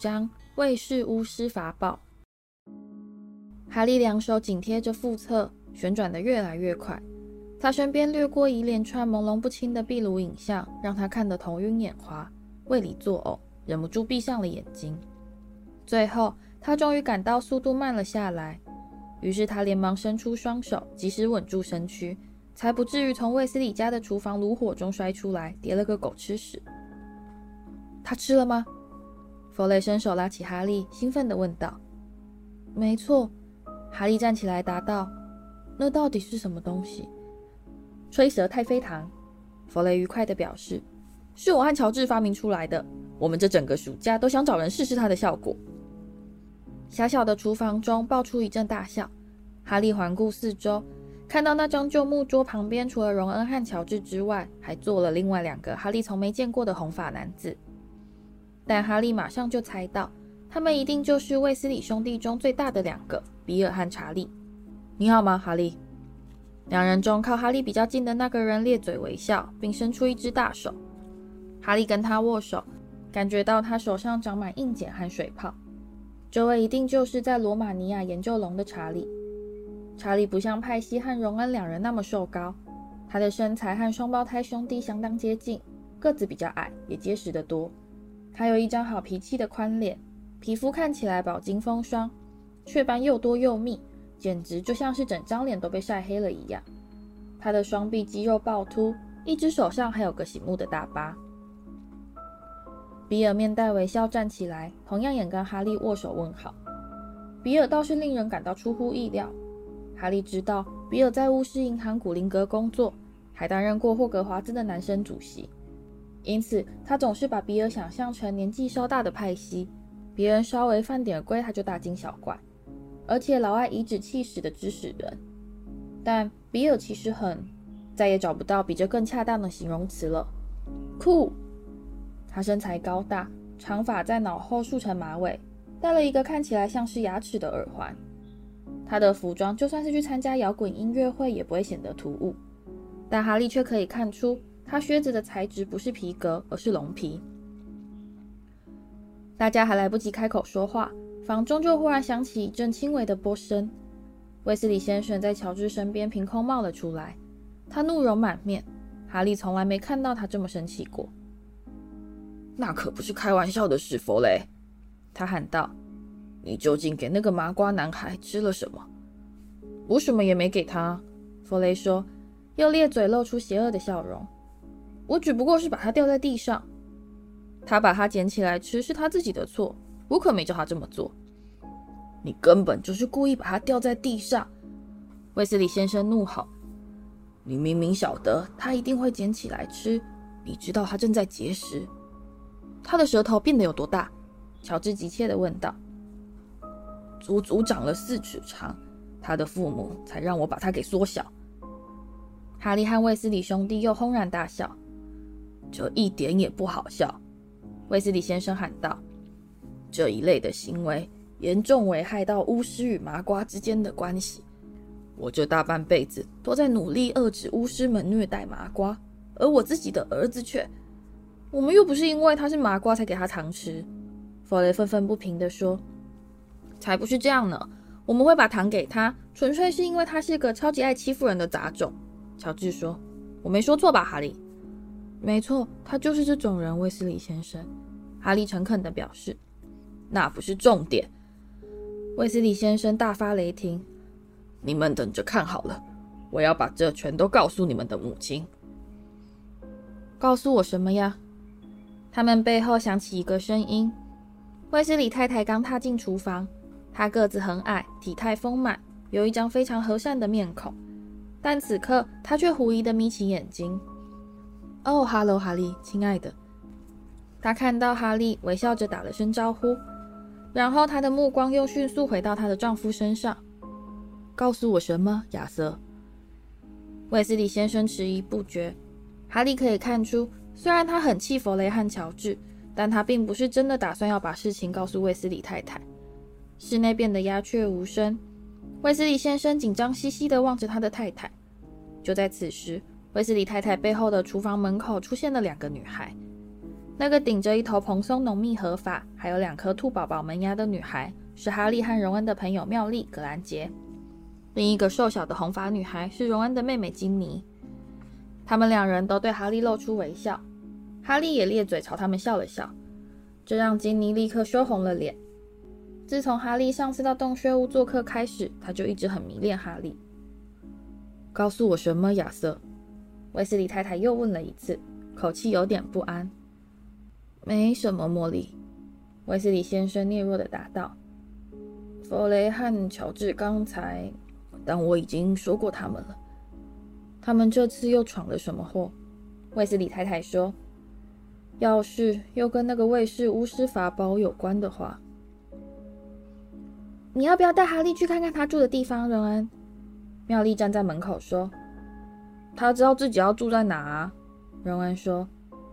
張衛氏巫師法寶，哈利兩手緊貼着腹側，旋轉得越來越快，他身邊掠過一連串朦朧不清的壁爐影像，讓他看得頭暈眼花，胃裡作嘔，忍不住閉上了眼睛。最後，他終於感到速度慢了下來，於是他連忙伸出雙手，及時穩住身軀，才不至於從衛斯理家的廚房爐火中摔出來，跌了個狗吃屎。他吃了嗎？弗雷伸手拉起哈利，興奮地問道：“沒錯。”哈利站起來答道：“那到底是什麼東西？”“吹蛇太妃糖。”弗雷愉快地表示：“是我和喬治發明出來的。我們這整個暑假都想找人試試它的效果。”狹小的廚房中爆出一陣大笑。哈利環顧四周，看到那張舊木桌旁邊，除了榮恩和喬治之外，還坐了另外兩個哈利從沒見過的紅髮男子。但哈利馬上就猜到，他們一定就是衛斯理兄弟中最大的兩個，比爾和查理。你好嗎，哈利？兩人中靠哈利比較近的那個人咧嘴微笑，並伸出一隻大手。哈利跟他握手，感覺到他手上長滿硬繭和水泡。這位一定就是在羅馬尼亞研究龍的查理。查理不像派西和榮恩兩人那麼瘦高，他的身材和雙胞胎兄弟相當接近，個子比較矮，也結實得多。他有一張好脾氣的寬臉，皮膚看起來飽經風霜，雀斑又多又密，簡直就像是整張臉都被曬黑了一樣。他的雙臂肌肉暴突，一隻手上還有個醒目的大疤。比爾面帶微笑站起來，同樣也跟哈利握手問好。比爾倒是令人感到出乎意料。哈利知道比爾在巫師銀行古靈閣工作，還擔任過霍格華茲的男生主席。因此，他總是把比爾想象成年紀稍大的派西，別人稍微犯點規，他就大驚小怪。而且，老愛頤指氣使的指使人。但比爾其實很……再也找不到比這更恰當的形容詞了。酷。他身材高大，長髮在腦後束成馬尾，戴了一個看起來像是牙齒的耳環。他的服裝就算是去參加搖滾音樂會也不會顯得突兀，但哈利卻可以看出。他靴子的材質不是皮革，而是龍皮。大家還來不及開口說話，房中就忽然響起一陣輕微的波聲。衛斯理先生在喬治身邊憑空冒了出來，他怒容滿面。哈利從來沒看到他這麼生氣過。那可不是開玩笑的事，弗雷，他喊道：“你究竟給那個麻瓜男孩吃了什麼？”“我什麼也沒給他。”弗雷說，又咧嘴露出邪惡的笑容。我只不過是把它掉在地上，他把它撿起來吃是他自己的錯，我可沒叫他這麼做。你根本就是故意把它掉在地上，衛斯理先生怒吼：“你明明曉得他一定會撿起來吃，你知道他正在節食，他的舌頭變得有多大？”喬治急切地問道。“足足長了四尺長，他的父母才讓我把它給縮小。”哈利和衛斯理兄弟又轟然大笑。這一點也不好笑，衛斯理先生喊道：“這一類的行為嚴重危害到巫師與麻瓜之間的關係。我這大半輩子都在努力遏制巫師們虐待麻瓜，而我自己的兒子卻……我們又不是因為他是麻瓜才給他糖吃。”弗雷憤憤不平地說：“才不是這樣呢！我們會把糖給他，純粹是因為他是個超級愛欺負人的雜種。”喬治說：“我沒說錯吧，哈利？”沒錯，他就是這種人，衛斯理先生。哈利誠懇地表示：“那不是重點。”衛斯理先生大發雷霆：“你們等着看好了，我要把這全都告訴你們的母親。”“告訴我什麼呀？”他們背後響起一個聲音。衛斯理太太剛踏進廚房，她個子很矮，體態豐滿，有一張非常和善的面孔，但此刻她卻狐疑地眯起眼睛。哦哈嘍，哈利，親愛的。她看到哈利，微笑着打了聲招呼，然後她的目光又迅速回到她的丈夫身上。告訴我什麼，亞瑟？衛斯理先生遲疑不決。哈利可以看出，雖然他很氣弗雷和喬治，但他並不是真的打算要把事情告訴衛斯理太太。室內變得鴉雀無聲，衛斯理先生緊張兮兮地望着他的太太。就在此時。威斯理太太背後的廚房門口出現了兩個女孩，那個頂着一頭蓬鬆濃密黑髮，還有兩顆兔寶寶門牙的女孩是哈利和榮恩的朋友妙麗·格蘭傑，另一個瘦小的紅髮女孩是榮恩的妹妹金妮。他們兩人都對哈利露出微笑，哈利也咧嘴朝他們笑了笑，這讓金妮立刻羞紅了臉。自從哈利上次到洞穴屋做客開始，她就一直很迷戀哈利。告訴我什麼，亞瑟？衛斯理太太又問了一次，口氣有點不安。“沒什麼，茉莉。”衛斯理先生囁嚅的答道。“弗雷和喬治剛才……但我已經說過他們了。他們這次又闖了什麼禍？”衛斯理太太說。“要是又跟那個衛氏巫師法寶有關的話，你要不要帶哈利去看看他住的地方，榮恩？”妙麗站在門口說。他知道自己要住在哪，啊，榮恩說：“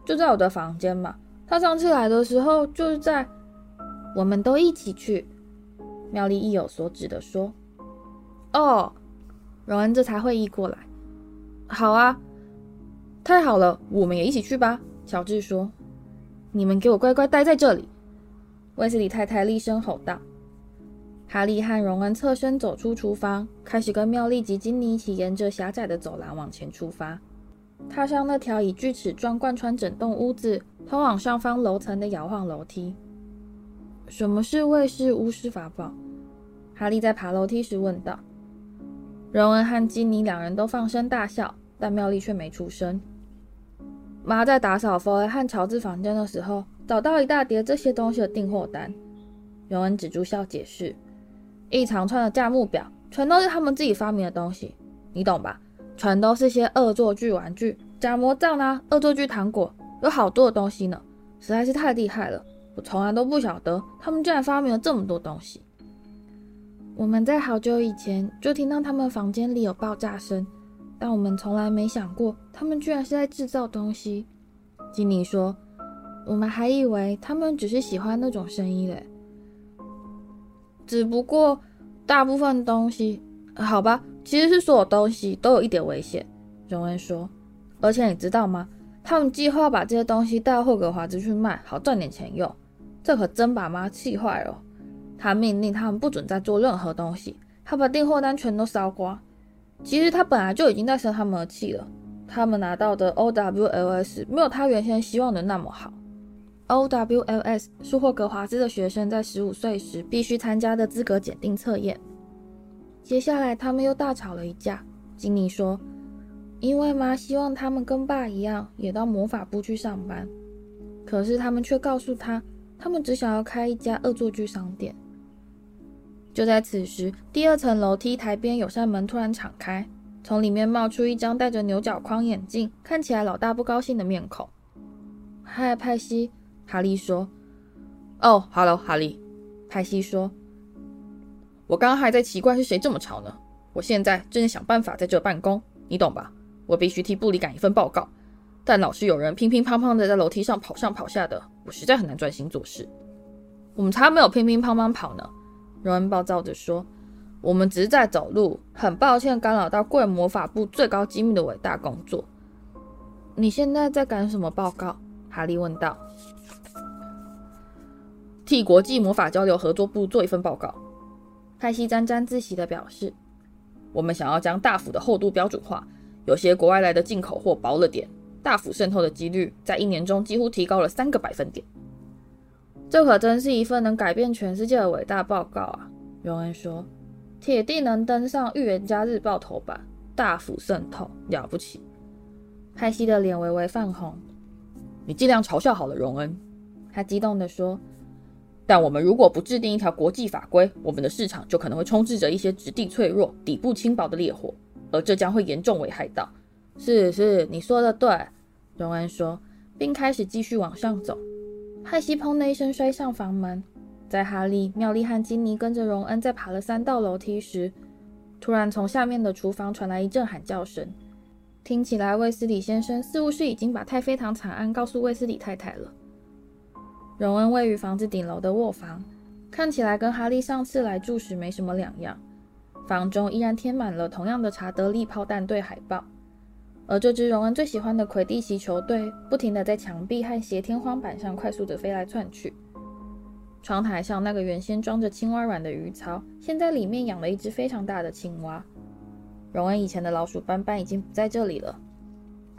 就在我的房間嘛，他上次來的時候就是在。我們都一起去，妙麗意有所指的說：“哦。”榮恩這才會意過來。好啊，太好了，我們也一起去吧。喬治說：“你們給我乖乖待在這裡。”衛斯理太太厲聲吼道。哈利和榮恩側身走出廚房，開始跟妙麗及金妮一起沿着狹窄的走廊往前出發，踏上那條以鋸齒狀貫穿整棟屋子、通往上方樓層的搖晃樓梯。什麼是衛氏巫師法寶？哈利在爬樓梯時問道。榮恩和金妮兩人都放聲大笑，但妙麗卻沒出聲。媽在打掃弗雷和喬治房間的時候，找到一大疊這些東西的訂貨單。榮恩止住笑解釋。一長串的價目表，全都是他們自己發明的東西，你懂吧？全都是些惡作劇玩具、假魔杖啊、惡作劇糖果，有好多的東西呢，實在是太厲害了！我從來都不曉得，他們居然發明了這麼多東西。我們在好久以前就聽到他們房間裡有爆炸聲，但我們從來沒想過，他們居然是在制造東西。金妮說：“我們還以為他們只是喜歡那種聲音嘞。”只不過大部分東西，呃、好吧，其實是所有東西都有一點危險。榮恩說，而且你知道嗎？他們計劃把這些東西帶到霍格華茲去賣，好賺點錢用。這可真把媽氣壞了。他命令他們不准再做任何東西，他把訂貨單全都燒光。其實他本來就已經在生他們的氣了。他們拿到的 OWLS 沒有他原先希望的那麼好。O.W.L.s 是霍格華茲的學生在十五歲時必須參加的資格檢定測驗。接下來，他們又大吵了一架。金妮說：“因為媽希望他們跟爸一樣，也到魔法部去上班。”可是他們卻告訴他，他們只想要開一家惡作劇商店。就在此時，第二層樓梯台邊有扇門突然敞開，從裡面冒出一張戴着牛角框眼鏡、看起來老大不高興的面孔。“嗨，派西。”哈利說：“哦，哈嘍，哈利。”派西說：“我剛剛還在奇怪是誰這麼吵呢。我現在正在想辦法在這辦公，你懂吧？我必須替部裡趕一份報告，但老是有人乒乒乓乓的在樓梯上跑上跑下的，我實在很難專心做事。”我們才沒有乒乒乓乓跑呢，榮恩暴躁地說：“我們只是在走路。很抱歉干擾到貴魔法部最高機密的偉大工作。”你現在在趕什麼報告？哈利問道。替國際魔法交流合作部做一份報告，派西沾沾自喜的表示：“我們想要將大釜的厚度標準化，有些國外來的進口貨薄了點，大釜滲透的幾率在一年中幾乎提高了三個百分點。這可真是一份能改變全世界的偉大報告啊！”榮恩說：“鐵定能登上預言家日報頭版，大釜滲透了不起。”派西的臉微微泛紅，“你盡量嘲笑好了，榮恩。”他激動地說。但我們如果不制定一條國際法規，我們的市場就可能會充斥着一些質地脆弱、底部輕薄的烈火，而這將會嚴重危害到。是是，你說的對，榮恩說，並開始繼續往上走。派西砰的一聲摔上房門。在哈利、妙麗和金妮跟着榮恩在爬了三道樓梯時，突然從下面的廚房傳來一陣喊叫聲，聽起來衛斯理先生似乎是已經把太妃糖慘案告訴衛斯理太太了。榮恩位於房子頂樓的臥房，看起來跟哈利上次來住時沒什麼兩樣。房中依然貼滿了同樣的查德利炮彈隊海報，而這支榮恩最喜歡的魁地奇球隊不停地在牆壁和斜天花板上快速地飛來竄去。窗台上那個原先裝着青蛙卵的魚槽，現在裡面養了一隻非常大的青蛙。榮恩以前的老鼠斑斑已經不在這裡了，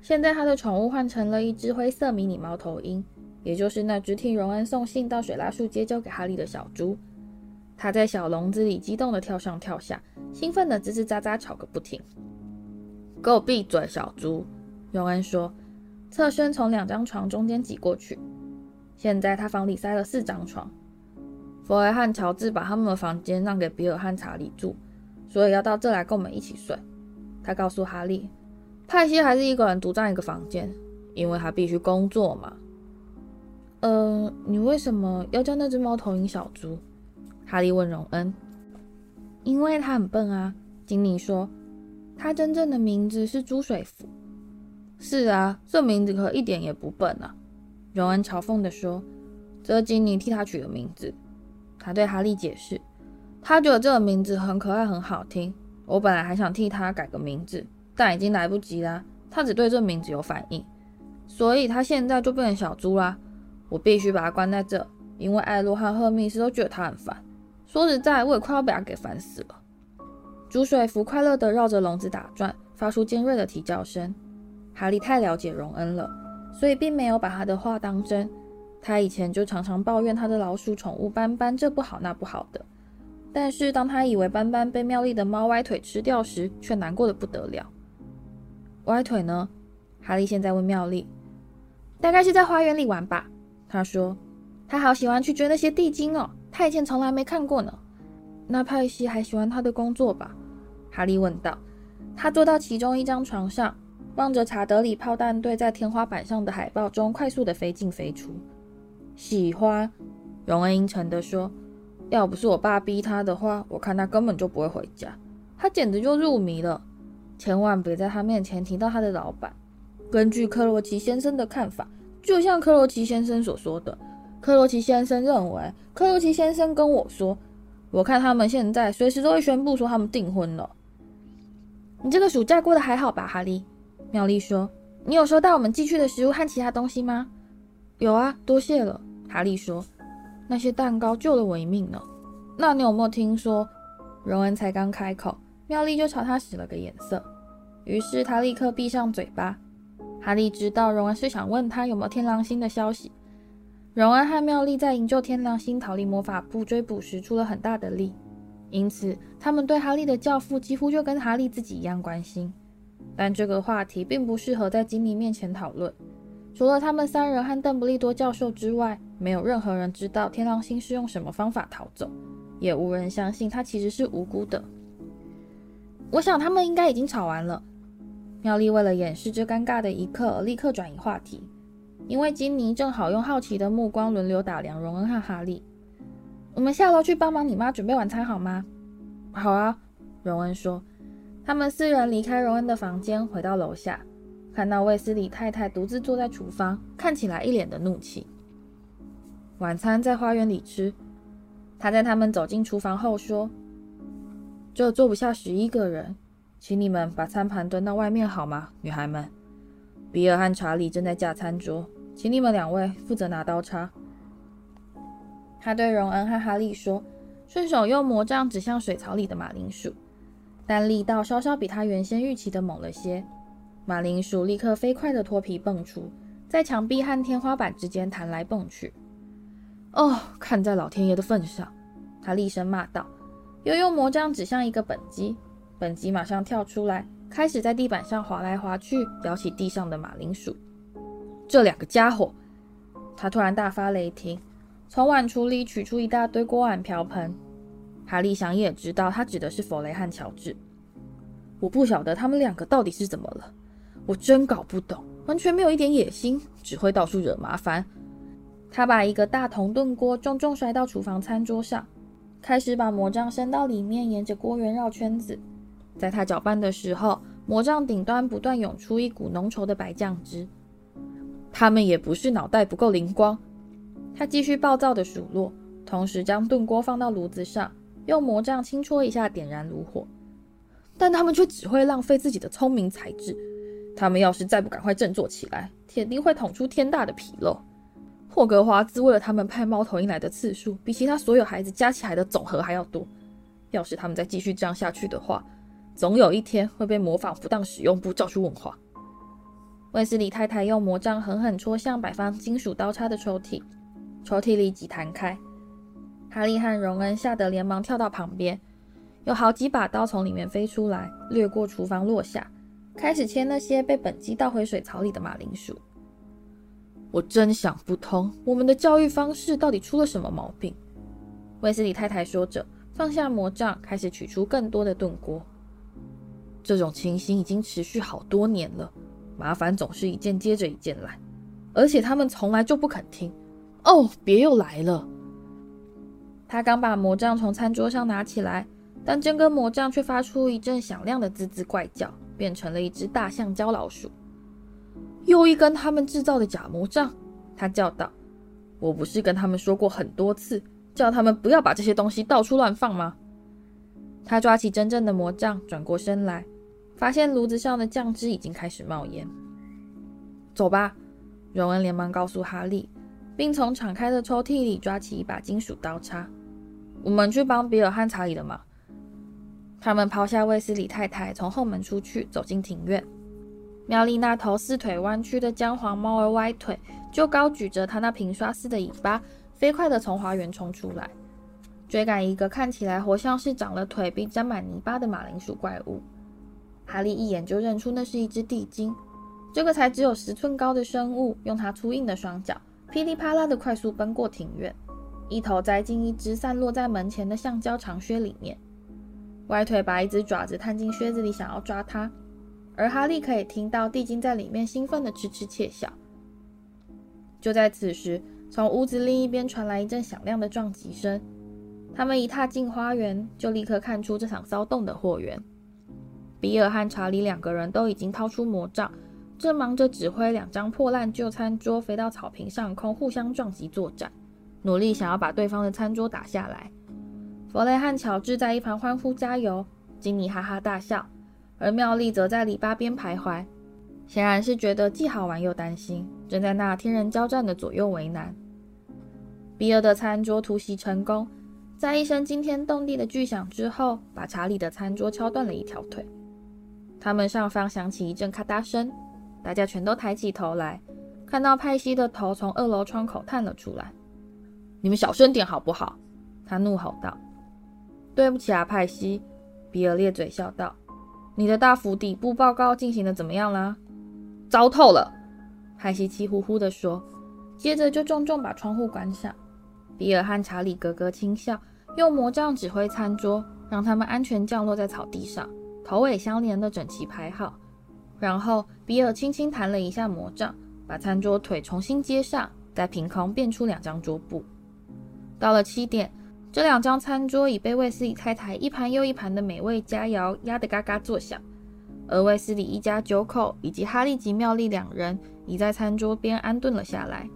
現在他的寵物換成了一隻灰色迷你貓頭鷹。也就是那隻替榮恩送信到水拉樹街交給哈利的小豬，它在小籠子裡激動地跳上跳下，興奮地吱吱喳喳吵個不停。給我閉嘴，小豬！榮恩說，側身從兩張床中間擠過去。現在他房裡塞了四張床。弗雷和喬治把他們的房間讓給比爾和查理住，所以要到這來跟我們一起睡。他告訴哈利，派西還是一個人獨佔一個房間，因為他必須工作嘛。呃，你為什麼要叫那只貓頭鷹小豬？哈利問榮恩。因為它很笨啊，金妮說。它真正的名字是豬水鳧。是啊，這名字可一點也不笨啊，榮恩嘲諷地說。這金妮替他取的名字，他對哈利解釋。他覺得這個名字很可愛，很好聽。我本來還想替他改個名字，但已經來不及啦。他只對這名字有反應，所以他現在就變成小豬啦。我必須把他關在這，因為艾洛和赫密斯都覺得他很煩。說實在，我也快要被他給煩死了。豬水鳧快樂地繞着籠子打轉，發出尖銳的啼叫聲。哈利太了解榮恩了，所以並沒有把他的話當真。他以前就常常抱怨他的老鼠寵物斑斑這不好那不好的，但是當他以為斑斑被妙麗的貓歪腿吃掉時，卻難過的不得了。歪腿呢？哈利現在問妙麗，大概是在花園裡玩吧。他說：“他好喜歡去追那些地精哦，他以前從來沒看過呢。”那派西還喜歡他的工作吧？哈利問道。他坐到其中一張床上，望着查德里炮彈隊在天花板上的海報中快速地飛進飛出。喜歡，榮恩陰沉地說：“要不是我爸逼他的話，我看他根本就不會回家。他簡直就入迷了。千萬別在他面前提到他的老闆。”根據克羅奇先生的看法。就像柯羅奇先生所說的，柯羅奇先生認為，柯羅奇先生跟我說，我看他們現在隨時都會宣布說他們訂婚了。你這個暑假過得還好吧，哈利？妙麗說。你有收到我們寄去的食物和其他東西嗎？有啊，多謝了，哈利說。那些蛋糕救了我一命呢。那你有沒有聽說？榮恩才剛開口，妙麗就朝他使了個眼色，於是他立刻閉上嘴巴。哈利知道榮恩是想問他有沒有天狼星的消息。榮恩和妙麗在營救天狼星、逃離魔法部追捕時出了很大的力，因此他們對哈利的教父幾乎就跟哈利自己一樣關心。但這個話題並不適合在金妮面前討論。除了他們三人和鄧布利多教授之外，沒有任何人知道天狼星是用什麼方法逃走，也無人相信他其實是無辜的。我想他們應該已經吵完了。妙麗為了掩飾這尷尬的一刻，立刻轉移話題，因為金妮正好用好奇的目光輪流打量榮恩和哈利。我們下樓去幫忙你媽準備晚餐好嗎？好啊，榮恩說。他們四人離開榮恩的房間，回到樓下，看到衛斯理太太獨自坐在廚房，看起來一臉的怒氣。晚餐在花園裡吃。她在他們走進廚房後說：“這坐不下十一個人。”請你們把餐盤端到外面好嗎，女孩們？比爾和查理正在架餐桌，請你們兩位負責拿刀叉。他對榮恩和哈利說，順手用魔杖指向水槽裡的馬鈴薯，但力道稍稍比他原先預期的猛了些，馬鈴薯立刻飛快的脫皮蹦出，在牆壁和天花板之間彈來蹦去。哦，看在老天爺的份上！他厲聲罵道，又用魔杖指向一個畚箕。本畚箕馬上跳出來，開始在地板上滑來滑去，撩起地上的馬鈴薯。這兩個家伙！他突然大發雷霆，從碗櫥裡取出一大堆鍋碗瓢盆。哈利想也知道，他指的是弗雷和喬治。我不曉得他們兩個到底是怎麼了，我真搞不懂，完全沒有一點野心，只會到處惹麻煩。他把一個大銅燉鍋重重摔到廚房餐桌上，開始把魔杖伸到裡面，沿着鍋緣繞圈子。在他攪拌的時候，魔杖頂端不斷湧出一股濃稠的白醬汁。他們也不是腦袋不夠靈光。他繼續暴躁地數落，同時將燉鍋放到爐子上，用魔杖輕戳一下點燃爐火。但他們卻只會浪費自己的聰明才智。他們要是再不趕快振作起來，鐵定會捅出天大的紕漏。霍格華茲為了他們派貓頭鷹來的次數，比其他所有孩子加起來的總和還要多。要是他們再繼續這樣下去的話，總有一天會被模仿不當使用，不叫出文化。威斯裡太太用魔杖狠狠戳向擺放金屬刀叉的抽屜，抽屜立即彈開。哈利和榮恩嚇得連忙跳到旁邊，有好幾把刀從裡面飛出來，掠過廚房落下，開始切那些被本基倒回水槽裡的馬鈴薯。我真想不通，我們的教育方式到底出了什麼毛病？威斯裡太太說着，放下魔杖，開始取出更多的燉鍋。這種情形已經持續好多年了，麻煩總是一件接着一件來，而且他們從來就不肯聽。哦，別又來了！他剛把魔杖從餐桌上拿起來，但這根魔杖卻發出一陣響亮的滋滋怪叫，變成了一隻大橡膠老鼠。又一根他們製造的假魔杖！他叫道：“我不是跟他們說過很多次，叫他們不要把這些東西到處亂放嗎？”他抓起真正的魔杖，轉過身來。發現爐子上的醬汁已經開始冒煙。走吧！榮恩連忙告訴哈利，並從敞開的抽屜裡抓起一把金屬刀叉，我們去幫比爾和查理的忙。他們拋下衛斯理太太，從後門出去，走進庭院。妙麗那頭四腿彎曲的薑黃貓兒歪腿，就高舉着他那瓶刷似的尾巴，飛快地從花園衝出來，追趕一個看起來活像是長了腿並沾滿泥巴的馬鈴薯怪物。哈利一眼就認出那是一隻地精，這個才只有十寸高的生物，用它粗硬的雙腳噼里啪啦的快速奔過庭院，一頭栽進一隻散落在門前的橡膠長靴裡面，歪腿把一隻爪子探進靴子裡，想要抓它。而哈利可以聽到地精在裡面興奮的哧哧竊笑。就在此時，從屋子另一邊傳來一陣響亮的撞擊聲，他們一踏進花園，就立刻看出這場騷動的禍源。比爾和查理兩個人都已經掏出魔杖，正忙着指揮兩張破爛舊餐桌飛到草坪上空，互相撞擊作戰，努力想要把對方的餐桌打下來。弗雷和喬治在一旁歡呼加油，金妮哈哈大笑，而妙麗則在籬笆邊徘徊，顯然是覺得既好玩又擔心，正在那天人交戰的左右為難。比爾的餐桌突襲成功，在一聲驚天動地的巨響之後，把查理的餐桌敲斷了一條腿。他們上方響起一陣咔嗒聲，大家全都抬起頭來，看到派西的頭從二樓窗口探了出來。“你們小聲點好不好？”他怒吼道。“對不起啊，派西。”比爾咧嘴笑道。“你的大釜底部報告進行得怎麼樣啦？糟透了。”派西氣呼呼地說，接着就重重把窗戶關上。比爾和查理咯咯輕笑，用魔杖指揮餐桌，讓他們安全降落在草地上。頭尾相連的整齊排好，然後比爾輕輕彈了一下魔杖，把餐桌腿重新接上，再憑空變出兩張桌布。到了七點，這兩張餐桌已被衛斯理太太一盤又一盤的美味佳肴壓得嘎嘎作響，而衛斯理一家九口以及哈利及妙麗兩人已在餐桌邊安頓了下來，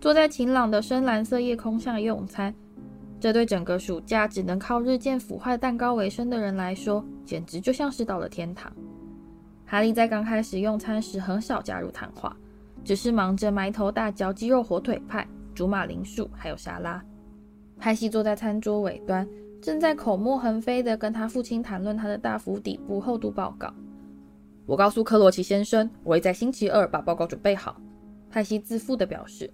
坐在晴朗的深藍色夜空上用餐。這對整個暑假只能靠日漸腐壞蛋糕為生的人來說，簡直就像是到了天堂。哈利在剛開始用餐時很少加入談話，只是忙着埋頭大嚼雞肉火腿派、煮馬鈴薯還有沙拉。派西坐在餐桌尾端，正在口沫橫飛地跟他父親談論他的大幅底部厚度報告。我告訴克羅奇先生，我會在星期二把報告準備好。派西自負地表示，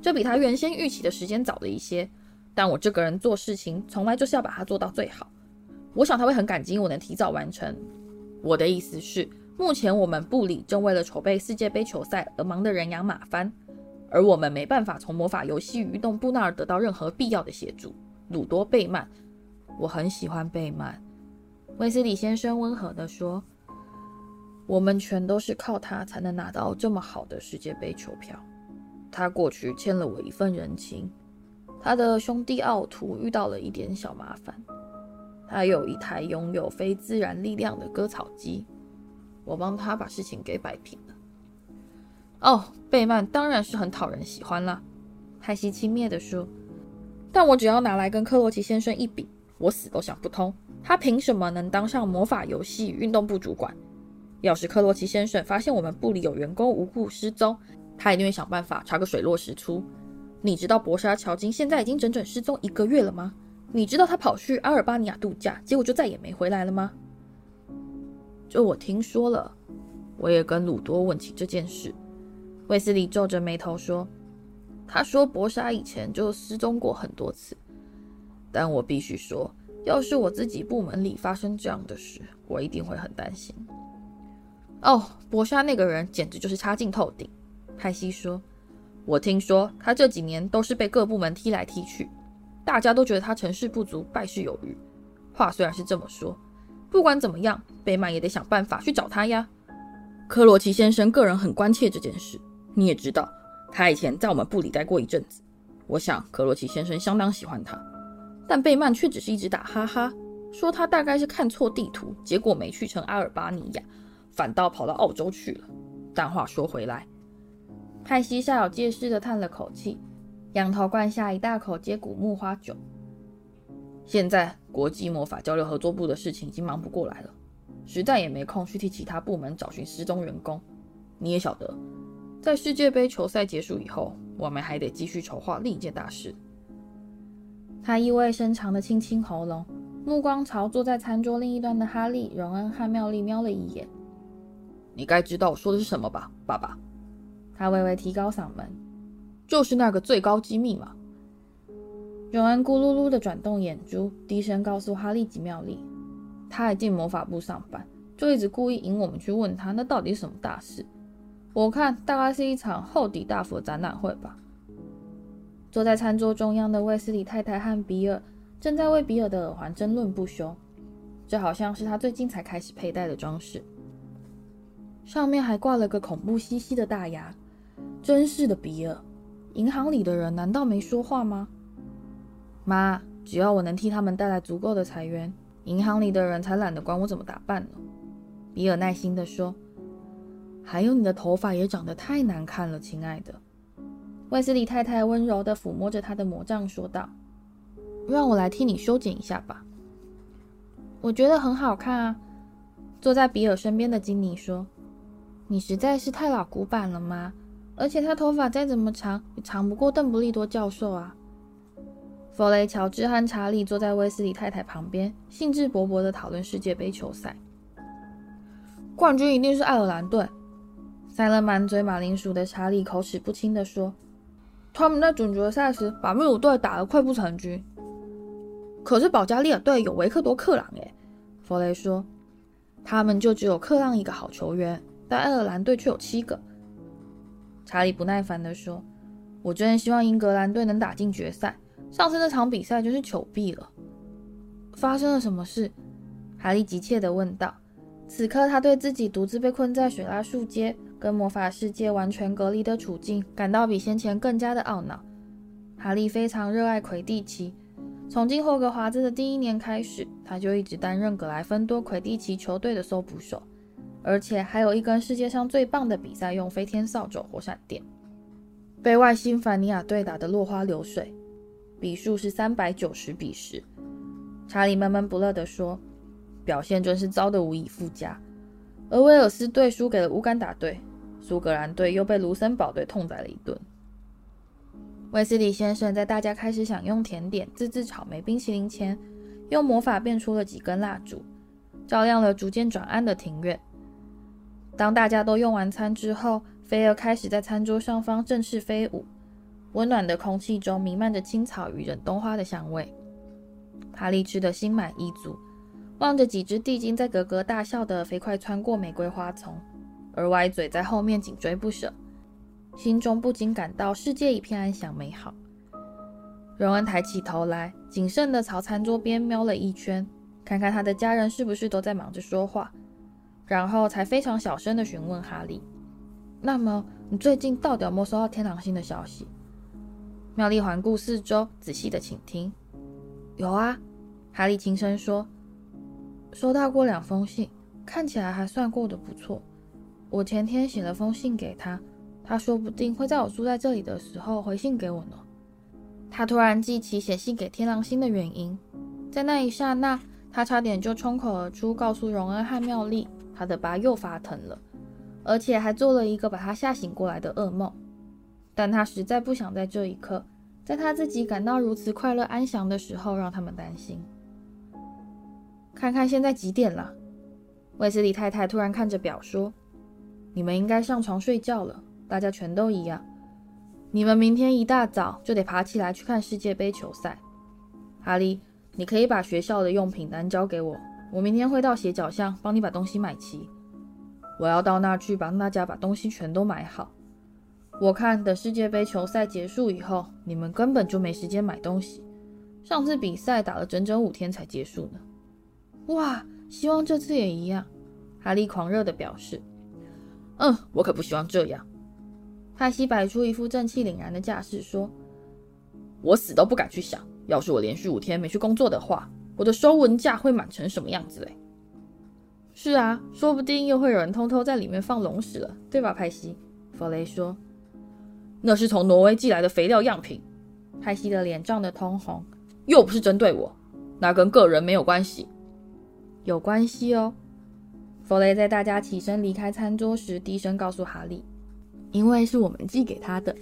這比他原先預期的時間早了一些，但我這個人做事情從來就是要把它做到最好。我想他會很感激我能提早完成。我的意思是，目前我們部裡正為了籌備世界杯球賽而忙得人仰馬翻，而我們沒辦法從魔法遊戲與運動部那兒得到任何必要的協助。魯多貝曼，我很喜歡貝曼。衛斯理先生溫和地說：“我們全都是靠他才能拿到這麼好的世界杯球票。他過去欠了我一份人情。他的兄弟奧圖遇到了一點小麻煩。”還有一台擁有非自然力量的割草機，我幫他把事情給擺平了。哦，貝曼當然是很討人喜歡啦，派西輕蔑地說。但我只要拿來跟克洛奇先生一比，我死都想不通，他憑什麼能當上魔法遊戲與運動部主管？要是克洛奇先生發現我們部裡有員工無故失蹤，他一定會想辦法查個水落石出。你知道博莎·喬金現在已經整整失蹤一個月了嗎？你知道他跑去阿爾巴尼亞度假，結果就再也沒回來了嗎？就我聽說了，我也跟魯多問起這件事。衛斯理皺着眉頭說：“他說博莎以前就失蹤過很多次，但我必須說，要是我自己部門裡發生這樣的事，我一定會很擔心。”哦，博莎那個人簡直就是差勁透頂。派西說：“我聽說他這幾年都是被各部門踢來踢去。”大家都覺得他成事不足敗事有餘，話雖然是這麼說，不管怎麼樣，貝曼也得想辦法去找他呀。柯羅奇先生個人很關切這件事，你也知道，他以前在我們部裡待過一陣子。我想柯羅奇先生相當喜歡他，但貝曼卻只是一直打哈哈，說他大概是看錯地圖，結果沒去成阿爾巴尼亞，反倒跑到澳洲去了。但話說回來，派西煞有介事地嘆了口氣。仰頭灌下一大口接骨木花酒。現在國際魔法交流合作部的事情已經忙不過來了，實在也沒空去替其他部門找尋失蹤員工。你也曉得，在世界杯球賽結束以後，我們還得繼續籌劃另一件大事。他意味深長的清清喉嚨，目光朝坐在餐桌另一端的哈利、榮恩和妙麗瞄了一眼。“你該知道我說的是什麼吧，爸爸？”他微微提高嗓門。就是那個最高機密嘛。榮恩咕嚕嚕地轉動眼珠，低聲告訴哈利及妙麗：“他還進魔法部上班，就一直故意引我們去問他那到底是什麼大事。我看大概是一場厚底大佛展覽會吧。”坐在餐桌中央的衛斯理太太和比爾正在為比爾的耳環爭論不休，這好像是他最近才開始佩戴的裝飾，上面還掛了個恐怖兮兮的大牙。真是的，比爾！銀行裡的人難道沒說話嗎？媽，只要我能替他們帶來足夠的財源，銀行裡的人才懶得管我怎麼打扮呢。比爾耐心的說。還有你的頭髮也長得太難看了，親愛的。衛斯理太太溫柔的撫摸着他的魔杖說道：“讓我來替你修剪一下吧。”我覺得很好看啊。坐在比爾身邊的金妮說：“你實在是太老古板了嗎？”而且他頭髮再怎麼長，也長不過鄧布利多教授啊！弗雷、喬治和查理坐在威斯利太太旁邊，興致勃勃的討論世界杯球賽。冠軍一定是愛爾蘭隊！塞了滿嘴馬鈴薯的查理口齒不清地說：“他們在準決賽時把秘魯隊打得潰不成軍。”可是保加利亞隊有維克多·克朗，耶，弗雷說：“他們就只有克朗一個好球員，但愛爾蘭隊卻有七個。”哈利不耐煩地說：“我真的希望英格蘭隊能打進決賽。上次那場比賽就是糗斃了。發生了什麼事？”哈利急切地問道。此刻，他對自己獨自被困在水蠟樹街、跟魔法世界完全隔離的處境感到比先前更加的懊惱。哈利非常熱愛魁地奇，從進霍格華茲的第一年開始，他就一直擔任格萊芬多魁地奇球隊的搜捕手。而且還有一根世界上最棒的比賽用飛天掃帚火閃電，被外星凡尼亞隊打得落花流水，比數是三百九十比十。查理悶悶不樂地說：“表現真是糟得無以復加。”而威爾斯隊輸給了烏干達隊，蘇格蘭隊又被盧森堡隊痛宰了一頓。衛斯理先生在大家開始享用甜點——自製草莓冰淇淋前，用魔法變出了幾根蠟燭，照亮了逐漸轉暗的庭院。當大家都用完餐之後，飛蛾開始在餐桌上方正式飛舞。溫暖的空氣中瀰漫着青草與忍冬花的香味。哈利吃的心滿意足，望着幾隻地精在咯咯大笑的飛快穿過玫瑰花叢，而歪嘴在後面緊追不捨，心中不禁感到世界一片安詳美好。榮恩抬起頭來，謹慎的朝餐桌邊瞄了一圈，看看他的家人是不是都在忙着說話。然後才非常小聲地詢問哈利：“那麼你最近到底有沒有收到天狼星的消息？”妙麗環顧四周，仔細地傾聽。“有啊。”哈利輕聲說，“收到過兩封信，看起來還算過得不錯。我前天寫了封信給他，他說不定會在我住在這裡的時候回信給我呢。”他突然記起寫信給天狼星的原因，在那一剎那。他差點就衝口而出，告訴榮恩和妙麗，他的疤又發疼了，而且還做了一個把他嚇醒過來的噩夢。但他實在不想在這一刻，在他自己感到如此快樂安詳的時候，讓他們擔心。看看現在幾點了？衛斯理太太突然看着表說：“你們應該上床睡覺了，大家全都一樣。你們明天一大早就得爬起來去看世界杯球賽，哈利。”你可以把學校的用品單交給我，我明天會到斜角巷幫你把東西買齊。我要到那去幫大家把東西全都買好。我看等世界杯球賽結束以後，你們根本就沒時間買東西。上次比賽打了整整五天才結束呢。哇，希望這次也一樣。哈利狂熱的表示。嗯，我可不希望這樣。派西擺出一副正氣凜然的架勢說：“我死都不敢去想。”要是我連續五天沒去工作的話，我的收文架會滿成什麼樣子嘞？是啊，說不定又會有人偷偷在裡面放龍屎了，對吧，派西？弗雷說，那是從挪威寄來的肥料樣品。派西的臉漲得通紅，又不是針對我，那跟個人沒有關係。有關係哦。弗雷在大家起身離開餐桌時，低聲告訴哈利，因為是我們寄給他的。